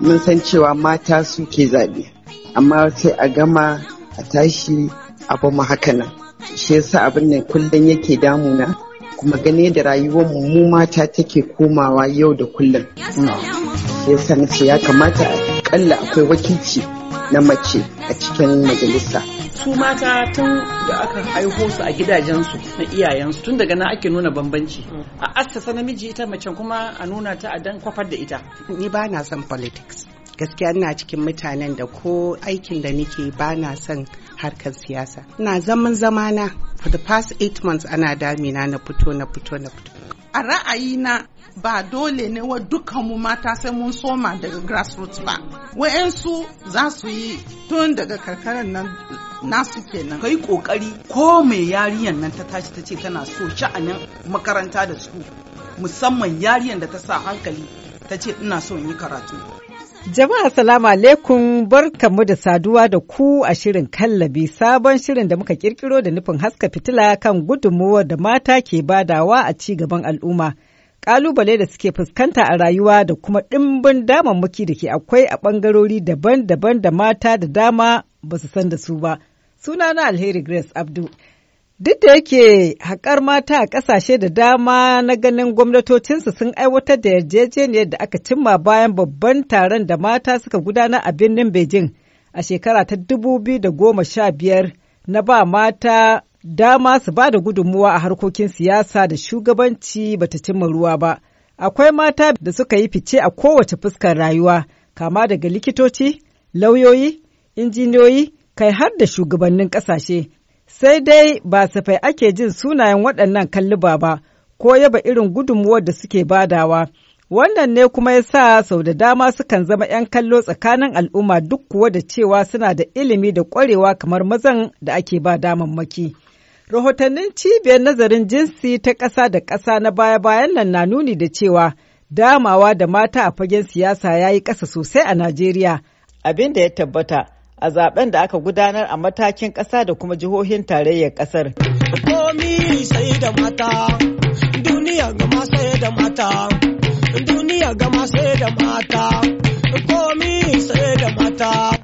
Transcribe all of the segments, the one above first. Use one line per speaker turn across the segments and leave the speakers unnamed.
mun san cewa mata suke zaɓe amma sai a gama a tashi abu mu haka nan shi yasa abin nan kullum yake damuna kuma gane da rayuwar mu mata take komawa yau da kullum mm. shi yasa ya kamata a akalla akwai wakilci na mace a cikin majalisa
su mata tun da aka haiho su a gidajensu na iyayensu tun daga na ake nuna bambanci a assasa namiji ita macen kuma a nuna ta a dan kwafar da ita ni ba na son
politics gaskiya ina cikin mutanen da ko aikin da nake ba na son harkar siyasa
ina zaman zamana for the past eight months ana damina na fito na fito na fito a ra'ayina ba dole ne wa dukkanmu mata sai mun soma daga grassroots ba wa'yansu za su yi tun daga karkarar nan nasu kenan kai kokari ko mai yariyan nan ta tashi ta ce tana so sha'anin makaranta da su musamman yariyan da ta sa hankali ta ce ina so yi karatu
Jama'a salamu alaikum barkamu da saduwa da ku a shirin kallabi sabon shirin da muka kirkiro da nufin haska fitila kan gudunmuwa da mata ke badawa a ci gaban al'umma. kalubale da suke fuskanta a rayuwa da kuma ɗimbin damammaki da ke akwai a ɓangarori daban-daban da mata da dama ba su san da su ba. suna na Alheri Grace Abdu. Duk da yake haƙar mata a ƙasashe da dama na ganin gwamnatocinsu sun aiwatar da yarjejeniyar da aka cimma bayan babban taron da mata suka gudana a birnin Beijing a shekara ta dubu biyu da goma sha biyar na ba mata dama su ba da gudunmuwa a harkokin siyasa da shugabanci ba ta cimma ruwa ba. Akwai mata da suka yi fice a kowace fuskar rayuwa, kama daga likitoci, lauyoyi, injiniyoyi, kai har da shugabannin ƙasashe. Sai dai ba safai ake jin sunayen waɗannan kalliba ba, ko yaba irin gudunmuwar da suke badawa. Wannan ne kuma ya sa sau da dama sukan zama 'yan kallo tsakanin al'umma duk kuwa da cewa suna da ilimi da ƙwarewa kamar mazan da ake ba damammaki. Rahotannin cibiyar nazarin jinsi ta ƙasa da ƙasa na baya-bayan nan na nuni da cewa damawa da mata a fagen siyasa ya yi ƙasa sosai a Najeriya. Abin da ya tabbata a zaben da aka gudanar a matakin ƙasa da kuma jihohin tarayyar ƙasar. Komi sai da mata, da mata, duniya gama sai da da mata.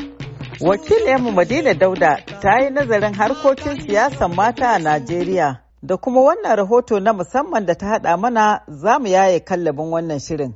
Wakilin Madina Dauda ta yi nazarin harkokin siyasan mata a Najeriya da kuma wannan rahoto na musamman da ta haɗa mana za mu yaye kallabin wannan shirin.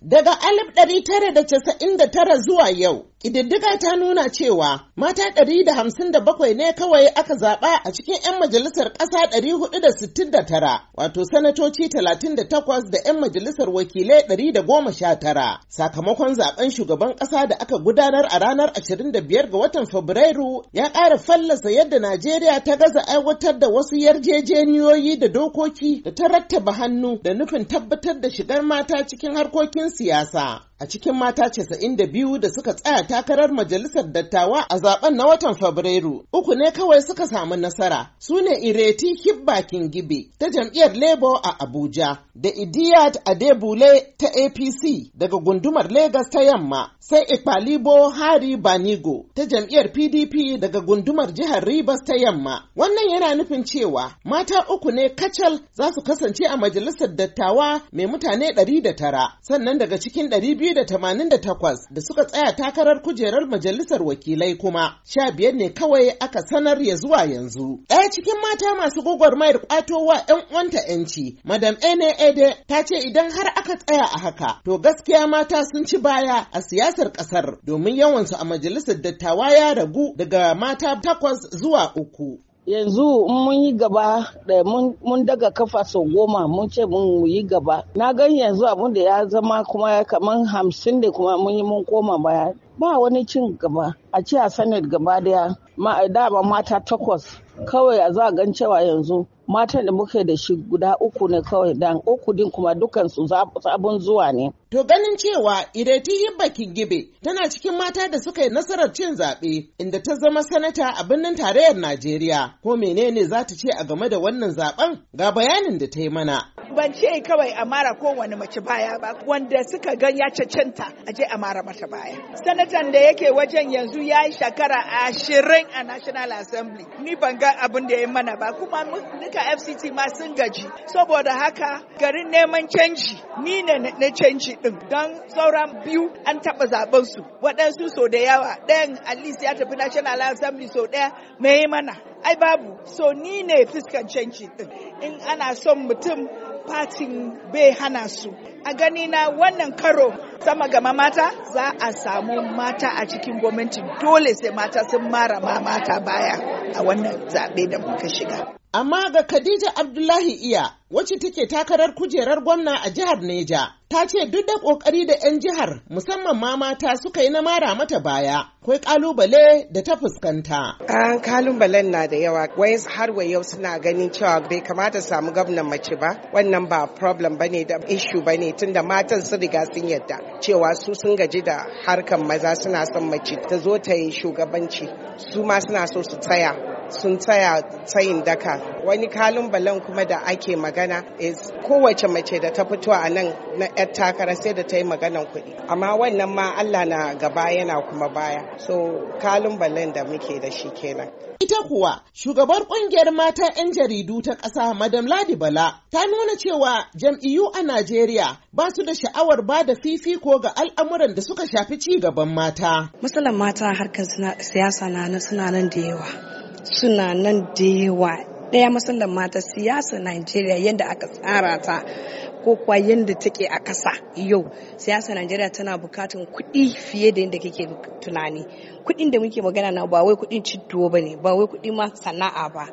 Daga 1999 zuwa
yau, Ƙididdiga ta nuna cewa mata ɗari da da bakwai ne kawai aka zaɓa a cikin 'yan majalisar ƙasa ɗari hudu da sittin da tara, wato sanatoci talatin da takwas da 'yan majalisar wakilai ɗari da goma sha tara, sakamakon zaɓen shugaban ƙasa da aka gudanar a ranar ashirin biyar ga watan Fabrairu ya ƙara fallasa yadda Najeriya ta gaza aiwatar da wasu yarjejeniyoyi da dokoki da ta rattaba hannu da nufin tabbatar da shigar mata cikin harkokin siyasa. a cikin mata casa'in da biyu da suka tsaya takarar majalisar dattawa a zaben na watan Fabrairu. Uku ne kawai suka samu nasara, su ne Ireti Hibba Kingibe ta jam'iyyar Labour a Abuja. da Idiyat Adebule ta APC daga gundumar Legas ta yamma sai Ikpalibo Hari Banigo ta jam'iyyar PDP daga gundumar jihar Ribas ta yamma. Wannan yana nufin cewa mata uku ne kacal za su kasance a majalisar dattawa mai mutane 109 sannan daga cikin 288 da suka tsaya takarar kujerar majalisar wakilai kuma sha biyar ne kawai aka sanar ya zuwa yanzu. Ɗaya cikin mata masu gwagwarmayar ƙwatowa 'yan uwanta 'yanci, Madam NAA daidai ta ce idan har aka tsaya a haka to gaskiya mata sun ci baya a siyasar kasar domin yawansu a majalisar dattawa ya ragu daga mata takwas zuwa uku.
yanzu mun yi gaba da mun daga kafa sau goma mun ce mun yi gaba na gan yanzu abin da ya zama kuma kamar hamsin da kuma mun yi mun koma baya ba wani cin gaba a ce a sanar gaba daya dama mata takwas kawai a za a gan cewa yanzu matan da muke da shi guda uku ne kawai dan uku din kuma dukansu sabon zuwa ne.
To ganin cewa Ireti Hibba Kingibe tana cikin mata da suka yi nasarar cin zaɓe inda ta zama sanata a birnin tarayyar Najeriya ko menene za ta ce a game da wannan zaɓen ga bayanin da ta yi mana.
ban ce kawai a mara kowane mace baya ba wanda suka gan ya cancanta a je a mara mata baya sanatan da yake wajen yanzu ya yi shekara ashirin a national assembly ni ban ga abin da ya yi mana ba kuma duka fct ma sun gaji saboda haka garin neman canji ni ne na canji din don sauran biyu an taɓa zaben su waɗansu sau da yawa ɗayan at least ya tafi national assembly sau ɗaya mai mana ai babu so ni ne fiskan canci din in ana son mutum fatin bai hana su a gani na wannan karo sama gama mata za a samu mata a cikin gwamnati dole sai mata sun mara ma mata baya a wannan zaɓe
da muka shiga amma ga khadija abdullahi iya wacce take takarar kujerar gwamna a jihar Neja. Ta ce duk da ƙoƙari da 'yan jihar musamman ma mata suka yi na mara mata baya, kai kalubale da ta fuskanta. An kalubalen na da
yawa, Wai
har wa yau suna ganin cewa bai kamata samu gwamnan mace ba, wannan ba problem ba ne da ishu ba ne tunda matan sun riga sun yadda cewa su sun gaji da harkan maza suna son mace ta zo ta yi shugabanci, su ma suna so su tsaya, sun tsaya tsayin daka. Wani kalubalen kuma da ake magana magana is kowace mace da ta fito a nan na 'yar takara sai da ta yi maganan kuɗi amma wannan ma Allah na gaba yana kuma baya so kalin balen da muke da shi kenan ita kuwa shugabar kungiyar mata 'yan jaridu ta ƙasa madam ladi bala ta nuna cewa jam'iyyu a najeriya ba su da sha'awar ba da fifiko ga al'amuran da suka shafi ci gaban mata
matsalan mata harkar siyasa na suna nan da yawa suna nan da yawa ɗaya musulun mata siyasa Najeriya yadda aka tsara ta ko kuwa yadda take a ƙasa yau siyasa Najeriya tana bukatun kuɗi fiye da yadda kake tunani kuɗin da muke magana na ba wai kuɗin ba ne ba wai kuɗi ma sana'a ba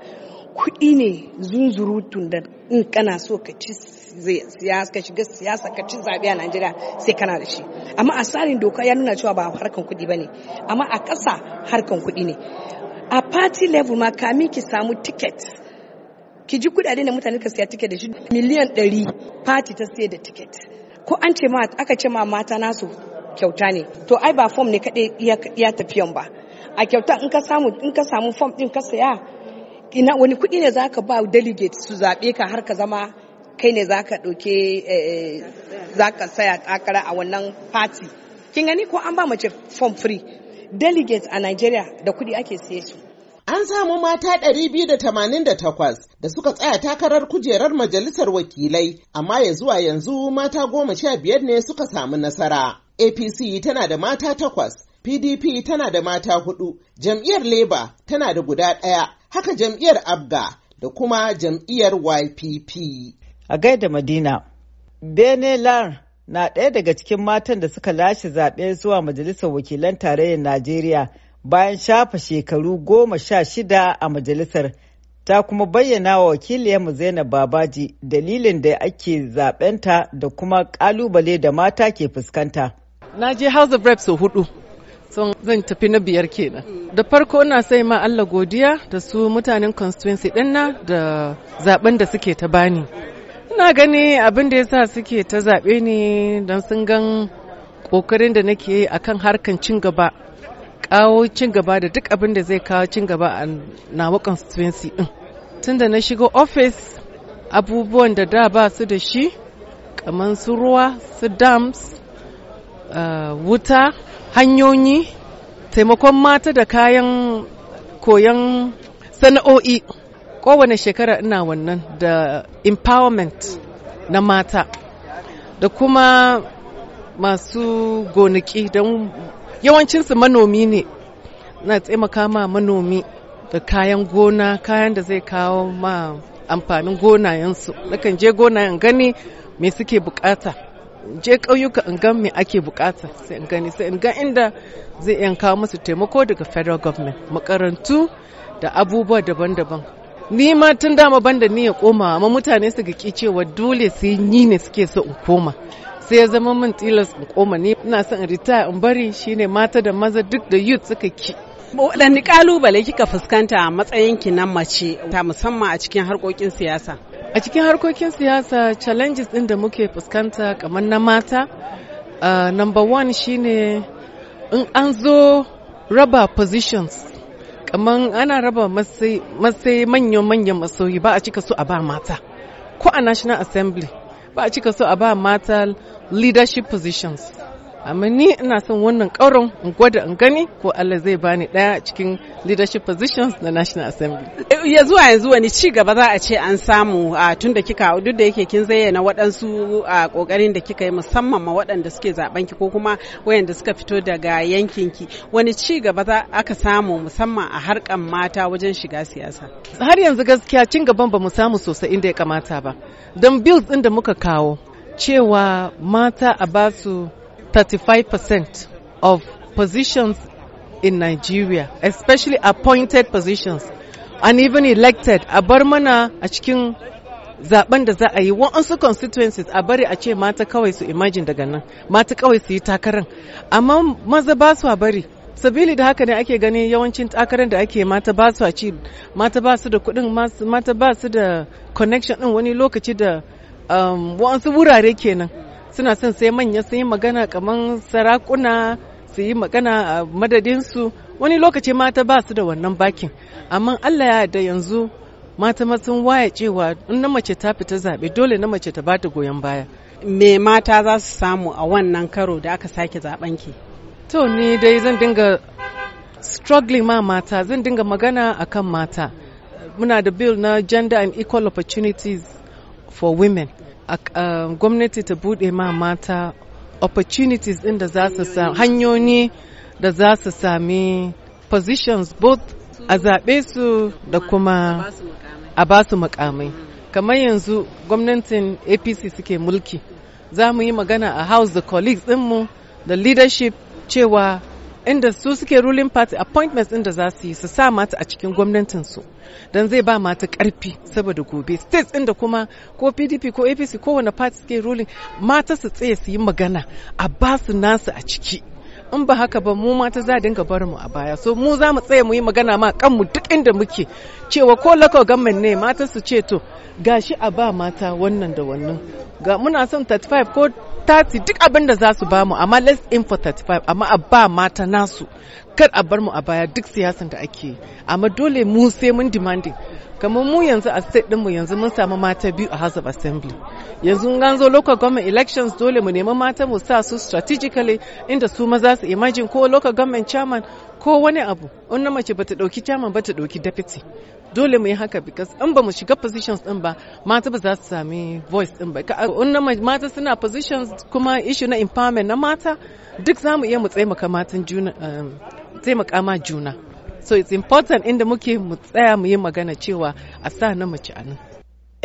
kuɗi ne zunzurutun da in kana so ka ci siyasa ka shiga siyasa ka ci zaɓe a Najeriya sai kana da shi amma a tsarin doka ya nuna cewa ba harkan kuɗi ba ne amma a ƙasa harkan kuɗi ne a party level ma kamin ki samu tiket. ki ji kudade da mutane ka siya tiket da shi miliyan 100 party ta siya da tiket ko an ce ma aka ce ma mata nasu kyauta ne to ai ba fom ne kadai ya tafiyan ba a kyauta in ka samu in ka samu form din ka saya ina wani kudi ne zaka ba delegate su zabe ka har ka zama kai ne zaka doke eh, zaka saya takara a wannan party kin gani ko an ba mace fom free delegates a Nigeria da kudi ake siye su An samu mata
288 da suka tsaya takarar kujerar majalisar wakilai, amma ya zuwa yanzu mata goma sha biyar ne suka samu nasara. APC tana da mata takwas, PDP tana da mata hudu, jam'iyyar Labour tana da guda ɗaya, haka jam'iyyar
Abga da kuma jam'iyyar YPP. A gaida Madina, Benelar na ɗaya daga cikin matan da suka lashe zaɓe zuwa Majalisar Wakilan Tarayyar Najeriya bayan shafa shekaru goma sha shida a majalisar ta kuma bayyana wa wakiliyarmu zainab babaji dalilin da ake zaɓenta
da kuma ƙalubale da mata ke fuskanta na je house of reps hudu son zan tafi na biyar kenan da farko ina sai ma allah godiya da su mutanen constituency ɗinna da zaben da suke ta bani ina gani abin da yasa suke ta zaɓe ne don sun gan ƙoƙarin da nake yi akan harkan cin gaba kawo cin gaba da duk abin da zai kawo cin gaba a nawa constituency din tunda na shigo office abubuwan da da ba su da shi kamar su ruwa su dams uh, wuta hanyoyi taimakon mata da kayan koyon sana'o'i kowane shekara ina wannan da empowerment na mata da kuma masu gonaki don yawancinsu manomi ne na taimaka ma manomi da kayan gona kayan da zai kawo ma amfanin gonayensu nakan je gonayen gani me suke bukata je ƙauyuka in gan me ake bukata sai in gani sai in ga inda zai iya kawo musu taimako daga federal government makarantu da abubuwa daban-daban ni ma tun dama banda ni ya koma amma mutane su ga cewa dole sai yi ne suke so in koma sai ya zama min tilas in koma ne ina son in ritaya in bari shine mata da maza duk da youth suka ki waɗanne ƙalubale kika fuskanta a matsayin ki nan mace ta musamman a cikin harkokin siyasa a cikin harkokin siyasa challenges din da muke fuskanta kamar na mata number one shine in an zo raba positions kamar ana raba masai manyan manyan masoyi ba a cika su a ba mata ko a national assembly ba a cika so a ba mata leadership positions amma ni ina son wannan ƙaurin in gwada in gani ko Allah zai bani ɗaya cikin leadership positions na National Assembly. Eh, ya zuwa yanzu
wani ci gaba za a ce an samu a tun da kika duk da yake kin zayyana waɗansu a ƙoƙarin da kika yi musamman ma waɗanda suke zaben ki ko kuma wayanda suka fito daga yankin ki wani ci gaba za aka samu musamman a harkan mata wajen shiga siyasa.
Har yanzu gaskiya cin gaban ba mu samu sosai inda ya kamata ba. Don bills ɗin da muka kawo cewa mata a basu 35% of positions in Nigeria, especially appointed positions, and even elected, a bar mana a cikin zaben da za a yi wa'ansu constituencies a bari a ce mata kawai su imagine daga nan mata kawai su yi takarar amma maza ba su a bari sabili da haka ne ake ganin yawancin takarar da ake mata ba su a ci mata ba su da kudin mata ba su da connection din wani lokaci da um, wa'ansu wurare kenan suna son sai manya sun yi magana kamar sarakuna su yi magana a madadinsu wani lokaci mata ba su da wannan bakin amma allah ya da yanzu mata sun waya cewa in na mace ta fita zaɓe dole na mace ta bata goyon baya me mata za su samu a wannan karo da aka sake zaben ki to ni dai zan dinga struggling ma mata zan dinga magana akan mata muna da bill na gender and equal opportunities for women um, gwamnati ta bude ma mata opportunities din da za su sami hanyoyi da za su sami positions both a zaɓe su da kuma a ba su makamai kamar yanzu gwamnatin apc suke mulki za mu yi magana a house da colleagues dinmu da leadership cewa inda su suke ruling party appointments inda za su yi su sa mata a cikin gwamnatin su don zai ba mata karfi saboda gobe states inda kuma ko pdp ko apc kowane party suke ruling mata su tsaye su yi magana a ba su nasu a ciki in ba haka ba mu mata za dinga bar mu a baya so mu za mu tsaye mu yi magana ma kanmu duk inda muke cewa ko local government ne mata su ce to gashi a ba mata wannan da wannan ga muna son 35 ko 30 duk abin da za su ba mu amma let's in for 35 amma a ba mata nasu kar a bar mu a baya duk siyasan da ake yi amma dole mu sai mun demanding kamar mu yanzu a state mu yanzu mun samu mata biyu a house of assembly yanzu an zo local government elections dole mu nemi mata mu sa su strategically inda su maza su imagine ko local government chairman ko wani abu in mace bata dauki chairman bata dauki deputy dole mu yi haka because in ba mu shiga positions din ba mata ba za su sami voice din ba wannan mata suna positions kuma issue na empowerment na mata duk za mu iya mu taimaka matan juna um, taimaka ma juna so it's important inda muke mu tsaya mu yi magana cewa a sa na mace a nan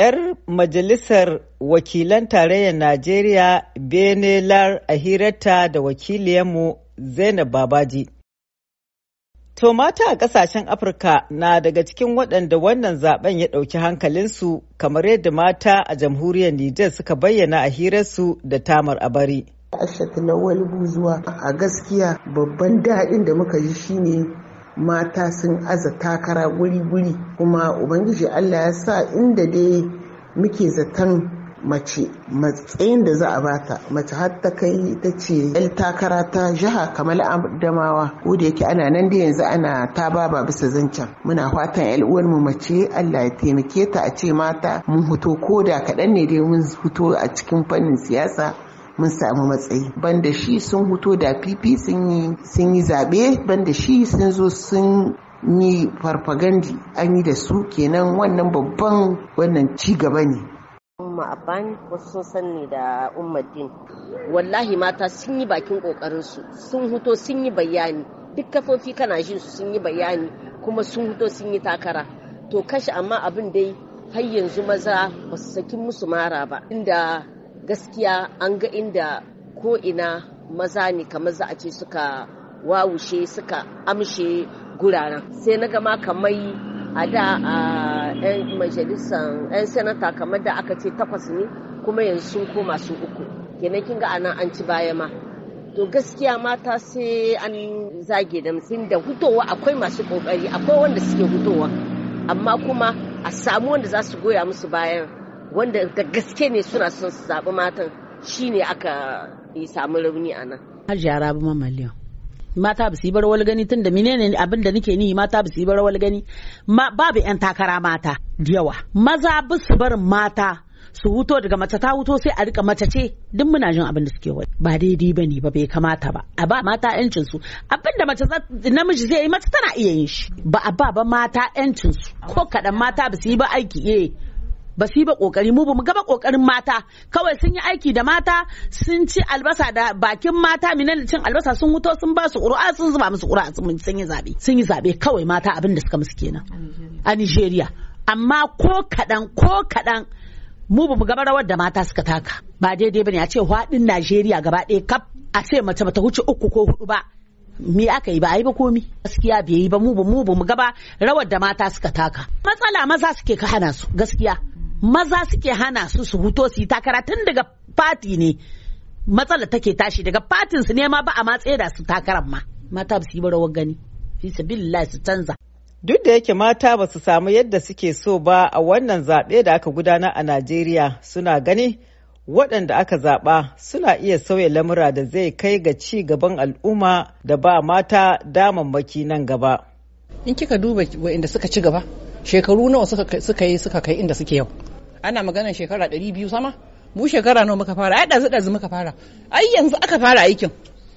yar majalisar wakilan tarayyar najeriya benelar a hirarta da wakiliyanmu zainab babaji To mata a kasashen Afirka na daga cikin waɗanda wannan zaben ya ɗauki hankalinsu kamar yadda mata a jamhuriyar Nijar suka bayyana a hirarsu da tamar a bari. Ashatu Lawal Buzuwa a gaskiya babban daɗin
da muka ji shine mata sun aza takara guri-guri kuma Ubangiji Allah ya sa inda dai muke zaton mace matsayin da za a bata mace har ta kai ta ce yan takara ta jiha kamar adamawa ko da yake ana nan da yanzu ana ta baba bisa zancen muna fatan yan uwar mu mace Allah ya taimake ta a ce mata mun huto ko da kaɗan ne dai mun huto a cikin fannin siyasa mun samu matsayi banda shi sun huto da fifi sun yi zaɓe banda shi sun zo sun ni farfagandi an yi da su kenan wannan babban wannan ci gaba ne
Umma Abban wasu sun san da Ummaddin. Wallahi mata sun yi bakin kokarin su, sun huto sun yi bayani, duk kafofi kana jin su sun yi bayani kuma sun huto sun yi takara. To kashi amma abin dai har yanzu maza ba su saki musu mara ba. Inda gaskiya an ga inda ko ina maza ne kamar za a ce suka wawushe suka amshe guraren. Sai na gama kamar a da a 'yan majalisan 'yan sanata kamar da aka ce takwas ne kuma yanzu sun koma su uku kenan kin ga anan an ci baya ma to gaskiya mata sai an zage da mutum da hutowa akwai masu kokari akwai wanda suke hutowa amma kuma a samu wanda za su goya musu bayan wanda da gaske ne suna son su zaɓi matan shine aka samu rauni a nan. Hajiya Rabu Mamaliyan. mata ba su yi barwal gani tunda menene abin da nake ni mata ba su yi barwal gani babu yan takara mata yawa maza ba su barin mata su huto daga mace ta huto sai a rika mace ce duk muna jin abin da suke wai ba daidai ba ne ba bai kamata ba a ba mata yancin su abin da mace namiji zai yi mace tana iya yin shi ba a ba ba mata yancin su ko kadan mata ba su yi ba aiki eh ba su yi ba kokari mu ba mu gaba kokarin mata kawai sun yi aiki da mata sun ci albasa da bakin mata minan cin albasa sun wuto sun ba su qur'a sun zuba musu qur'a sun yi zabe sun yi zabe kawai mata abin da suka musu kenan a Nigeria amma ko kaɗan ko kaɗan mu ba mu gaba rawar da mata suka taka ba daidai bane a ce haɗin Najeriya gaba ɗaya kaf a ce mace bata huce uku ko hudu ba me aka yi ba a yi ba komi gaskiya bai yi ba mu ba mu ba mu gaba rawar da mata suka taka matsala maza suke ka hana su gaskiya maza suke hana su su huto su yi takara tun daga fati ne matsala take tashi daga fatin su ne ma ba a matse da su takaran ma mata ba su yi barawar gani fi su canza Duk da yake mata ba su samu yadda suke
so ba a wannan zaɓe da aka gudana a Najeriya suna gani waɗanda aka zaɓa suna iya sauya lamura da zai kai ga ci gaban al'umma da ba mata
damammaki nan gaba. In kika duba waɗanda suka ci gaba, shekaru nawa suka yi suka kai inda suke yau.
ana maganar shekara ɗari biyu sama mu shekara nawa muka fara ai ɗazu ɗazu muka fara ai yanzu aka fara aikin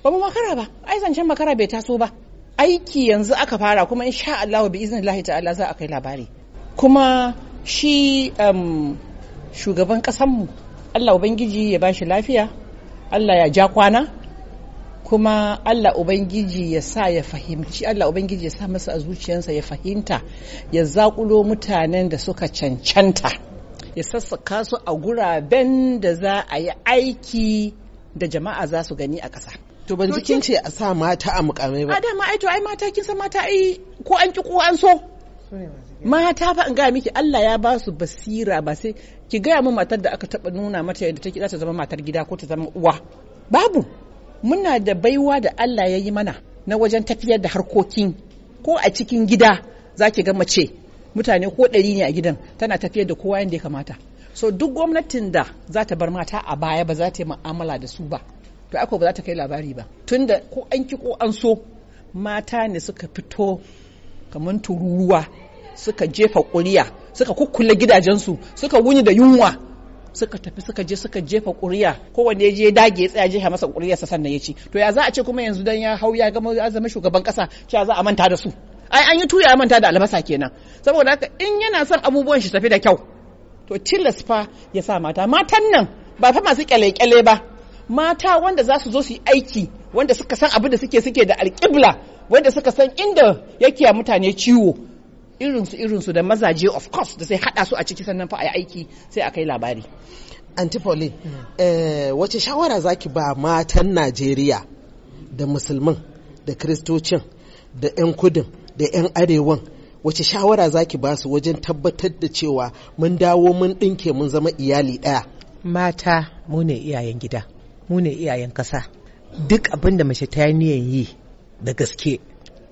ba mu makara ba ai zancen makara bai taso ba aiki yanzu aka fara kuma insha Allah bi lahi ta'ala za a kai labari kuma shi um, shugaban mu Allah ubangiji ya bashi lafiya Allah ya ja kwana kuma Allah Ubangiji ya sa ya fahimci Allah Ubangiji ya sa masa a zuciyarsa ya fahimta ya zaƙulo mutanen da suka cancanta. ya sassaka su a guraben da za a yi aiki da jama'a za su gani a ƙasa. To ban jikin ce a sa mata a mukamai ba. A ai to ai mata kin san mata ai ko an ki ko an so. Mata fa in ga miki Allah ya ba su basira ba sai ki gaya min matar da aka taba nuna mata yadda take za ta zama matar gida ko ta zama uwa. Babu muna da baiwa da Allah ya yi mana na wajen tafiyar da harkokin ko a cikin gida zaki ga mace mutane ko ɗari ne a gidan tana tafiyar da kowa yadda ya kamata so duk gwamnatin da za ta bar mata a baya ba za ta yi ma'amala da su ba to aka ba za ta kai labari ba tunda ko an ki ko an so mata ne suka fito kamar tururuwa suka jefa ƙuriya suka kukkule gidajensu suka wuni da yunwa suka tafi suka je suka jefa ƙuriya kowanne ya je dage ya tsaya jefa masa ƙuriya sa sannan ya ci to ya za a ce kuma yanzu dan ya hau ya gama zama shugaban ƙasa cewa za a manta da su ai an yi tuya ya manta da albasa kenan saboda haka in yana son abubuwan shi tafi da kyau to tilas fa ya sa mata matan nan ba fa masu kyale-kyale ba mata wanda za su zo su yi aiki wanda suka san abin da suke suke da alƙibla wanda suka san inda yake mutane ciwo irinsu irinsu da mazaje of course da sai haɗa su a ciki sannan fa a yi aiki sai a kai labari anti pauline eh,
wace shawara zaki ba matan najeriya da musulman da kiristocin da 'yan kudin da 'yan arewan wace shawara zaki ba su wajen tabbatar da cewa mun dawo mun ɗinke mun zama iyali ɗaya mata mu ne
iyayen gida mu ne iyayen ƙasa duk abin da mace ta niyan yi da gaske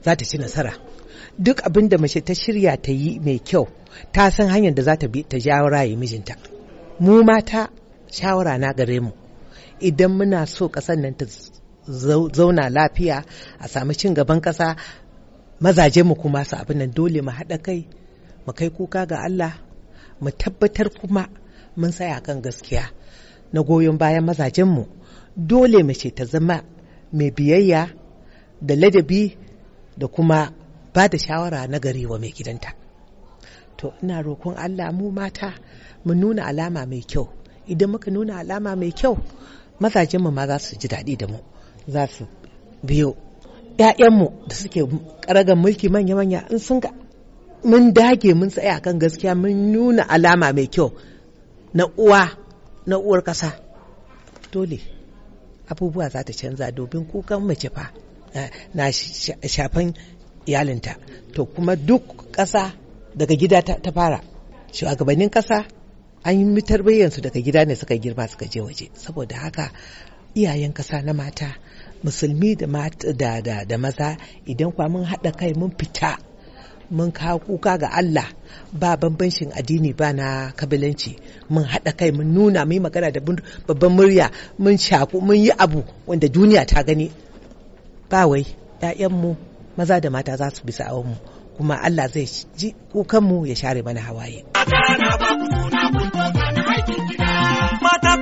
za ta ci nasara duk abin da mace ta shirya ta yi mai kyau ta san hanyar da za ta bi ta shawara mijinta mu mata shawara na gare mu idan muna so ƙasar nan ta zauna lafiya a sami cin gaban ƙasa mazaje mu kuma su abin nan dole mu haɗa kai mu kai kuka ga Allah mu tabbatar kuma mun tsaya kan gaskiya na goyon bayan mazajen mu dole mace ta zama mai biyayya da ladabi da kuma ba da shawara na gari wa mai gidanta to ina roƙon Allah mu mata mu nuna alama mai kyau idan muka nuna alama mai kyau mazajenmu ma za su ji daɗi da mu za su biyo 'ya'yanmu da suke karagan mulki manya-manya in sun ga mun dage mun tsaya kan gaskiya mun nuna alama mai kyau na uwa na uwar ƙasa dole abubuwa za ta canza domin kukan mace fa na shafan iyalinta to kuma duk ƙasa daga gida ta fara shugabannin ƙasa an yi mitar bayyansu daga gida ne suka girma suka je waje saboda haka iyayen ƙasa na mata musulmi da da da maza idan kwa mun haɗa kai mun fita mun kawo kuka ga Allah ba bambancin addini ba na kabilanci mun haɗa kai mun nuna mun magana da babban murya mun shaku mun yi abu wanda duniya ta gani ba wai ‘ya'yanmu maza da mata za su bi mu kuma Allah zai ji kukanmu ya share mana hawaye.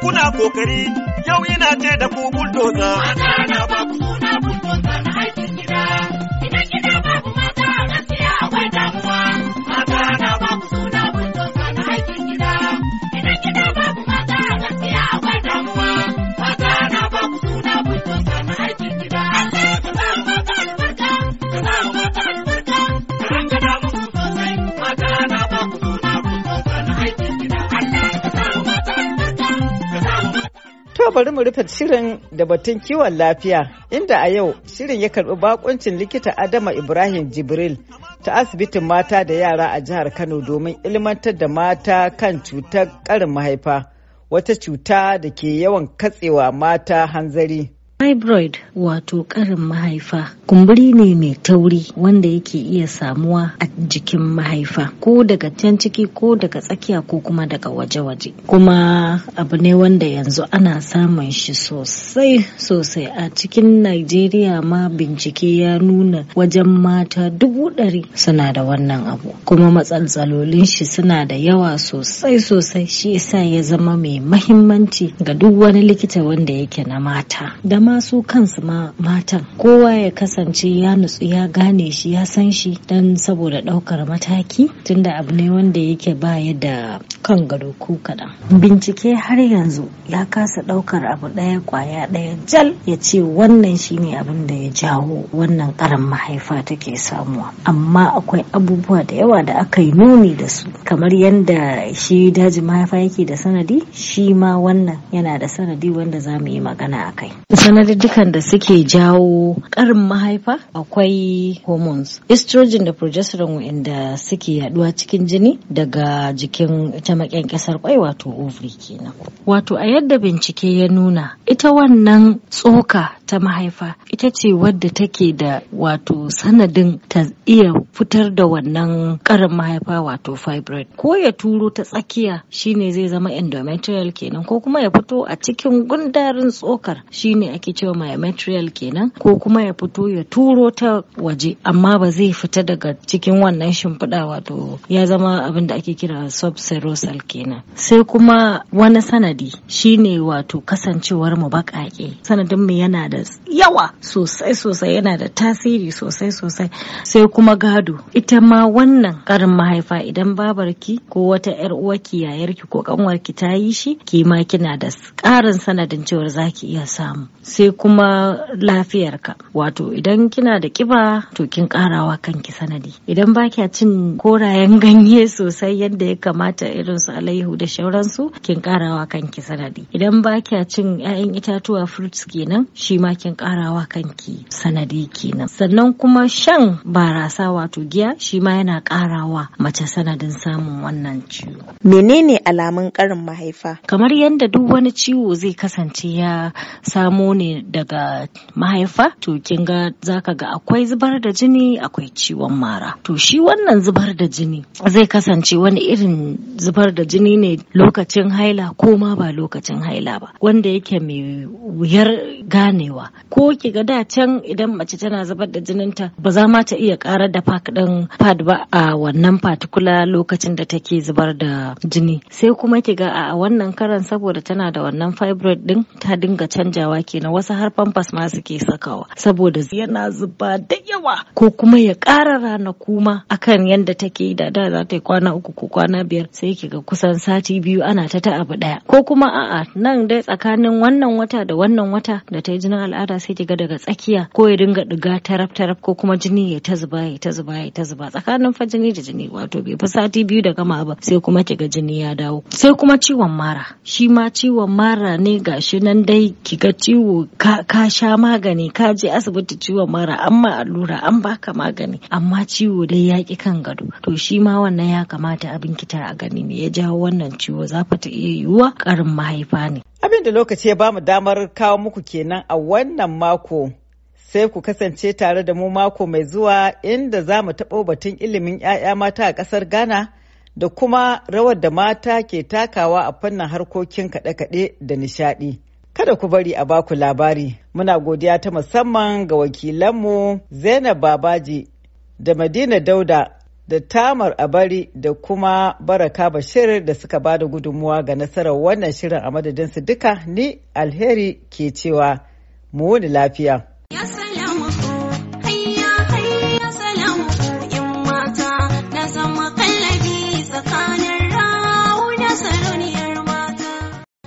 kuna kokari
yau ina ce da ku bulldoza. Mata na ba ku suna bulldoza na aikin gida. Idan gida babu mata gaskiya akwai damuwa.
To bari mu rufe shirin da batun kiwon lafiya inda a yau shirin ya karbi bakuncin likita Adama Ibrahim Jibril ta asibitin mata da yara a jihar Kano domin ilmantar da mata kan cutar karin mahaifa wata cuta da ke yawan katsewa mata hanzari.
Fibroid wato karin mahaifa kumburi ne mai tauri wanda yake iya samuwa a jikin mahaifa ko daga can ciki ko daga tsakiya ko kuma daga waje-waje. Kuma abu ne wanda yanzu ana samun shi sosai sosai a cikin Najeriya ma bincike ya nuna wajen mata dubu ɗari suna da wannan abu. Kuma matsaltsalolin shi suna da yawa sosai sosai shi yasa ya zama mai mahimmanci ga duk wani likita wanda yake na mata. Da ma su kansu ma matan kowa ya kasance ya nutsu ya gane shi ya san shi dan saboda ɗaukar mataki tunda abu ne wanda yake baya da kan gado ko kaɗan bincike har yanzu ya kasa ɗaukar abu ɗaya kwaya ɗaya jal ya ce wannan shine abin da ya jawo wannan ƙaran mahaifa take samuwa amma akwai abubuwa da yawa da aka yi nuni da su kamar yadda shi daji mahaifa yake da sanadi shi ma wannan yana da sanadi wanda za mu yi magana a kai sanaddukan da suke jawo karin mahaifa akwai hormones estrogen da progesterone wanda suke yaduwa cikin jini daga jikin ita makyankasar kwai wato ovary kenan wato a yadda bincike ya nuna ita wannan tsoka ta mahaifa ita ce wadda take da wato sanadin ta iya fitar da wannan karin mahaifa wato fibroid ko ya turo ta tsakiya shine zai zama endometrial kenan ko kuma ya fito a cikin gundarin tsokar shine ake cewa myometrial kenan ko kuma ya fito ya turo ta waje amma ba zai fita daga cikin wannan shimfiɗa wato ya zama abin da ake kira subserosal kenan sai kuma wani sanadi shine wato kasancewar mu baƙaƙe sanadin mu yana da yawa sosai sosai yana da tasiri sosai sosai sai kuma gado ita ma wannan karin mahaifa idan babarki ko wata yar uwarki yayarki ko kanwarki ta yi shi ki ma kina da karin sanadin cewar zaki iya samu sai kuma lafiyarka wato idan kina da kiba to kin karawa kanki sanadi idan ba kya cin korayen ganye sosai yadda ya kamata irin su alaihu da shauransu kin karawa kanki sanadi idan ba kya cin 'ya'yan itatuwa fruits kenan shi ma kin karawa kanki sanadi kenan sannan kuma shan barasa wato giya shi ma yana karawa mace sanadin samun wannan ciwo menene alamun karin mahaifa kamar yadda duk wani ciwo zai kasance ya samo ne daga mahaifa to kin ga zaka ga akwai zubar da jini akwai ciwon mara to shi wannan zubar da jini zai kasance wani irin zubar da jini ne lokacin haila ko ma ba lokacin haila ba wanda yake mai wuyar gane karewa ko ki ga da can idan mace tana zubar da jininta ba za ma ta iya karar da pak din pad ba a wannan particular lokacin da take zubar da jini sai kuma ki ga a wannan karan saboda tana da wannan fibroid din ta dinga canjawa kenan wasu har pampers ma suke sakawa saboda yana zuba da yawa ko kuma ya kara ranaku ma akan yadda take da da za ta yi kwana uku ko kwana biyar sai ki ga kusan sati biyu ana ta ta abu daya ko kuma a'a nan dai tsakanin wannan wata da wannan wata da ta yi jinin al'ada sai ki ga daga tsakiya ko ya dinga diga taraf taraf ko kuma jini ya ta zuba ya ta zuba ya ta zuba tsakanin fa jini da jini wato bai fi sati biyu da gama ba sai kuma ki ga jini ya dawo sai kuma ciwon mara shi ma ciwon mara ne gashi nan dai ki ga ciwo ka sha magani ka je asibiti ciwon mara amma allura an baka magani amma ciwo dai ya ki kan gado to shi ma wannan ya kamata abin kita a gani ne ya jawo wannan ciwo za ta iya yiwuwa karin mahaifa ne
Abin da lokaci ya bamu damar kawo muku kenan a wannan mako. Sai ku kasance tare da mu mako mai zuwa inda za mu taɓo batun ilimin 'ya'ya mata a ƙasar Ghana da kuma rawar da mata ke takawa a fannin harkokin kaɗe-kaɗe da nishaɗi. Kada ku bari a baku labari. Muna godiya ta musamman ga wakilanmu Zainab Babaji da Madina Dauda da Tamar Abari da kuma Baraka Bashir da suka ba da gudunmuwa ga nasarar wannan shirin a madadinsu duka ni alheri ke cewa mu wuni lafiya.
Yes,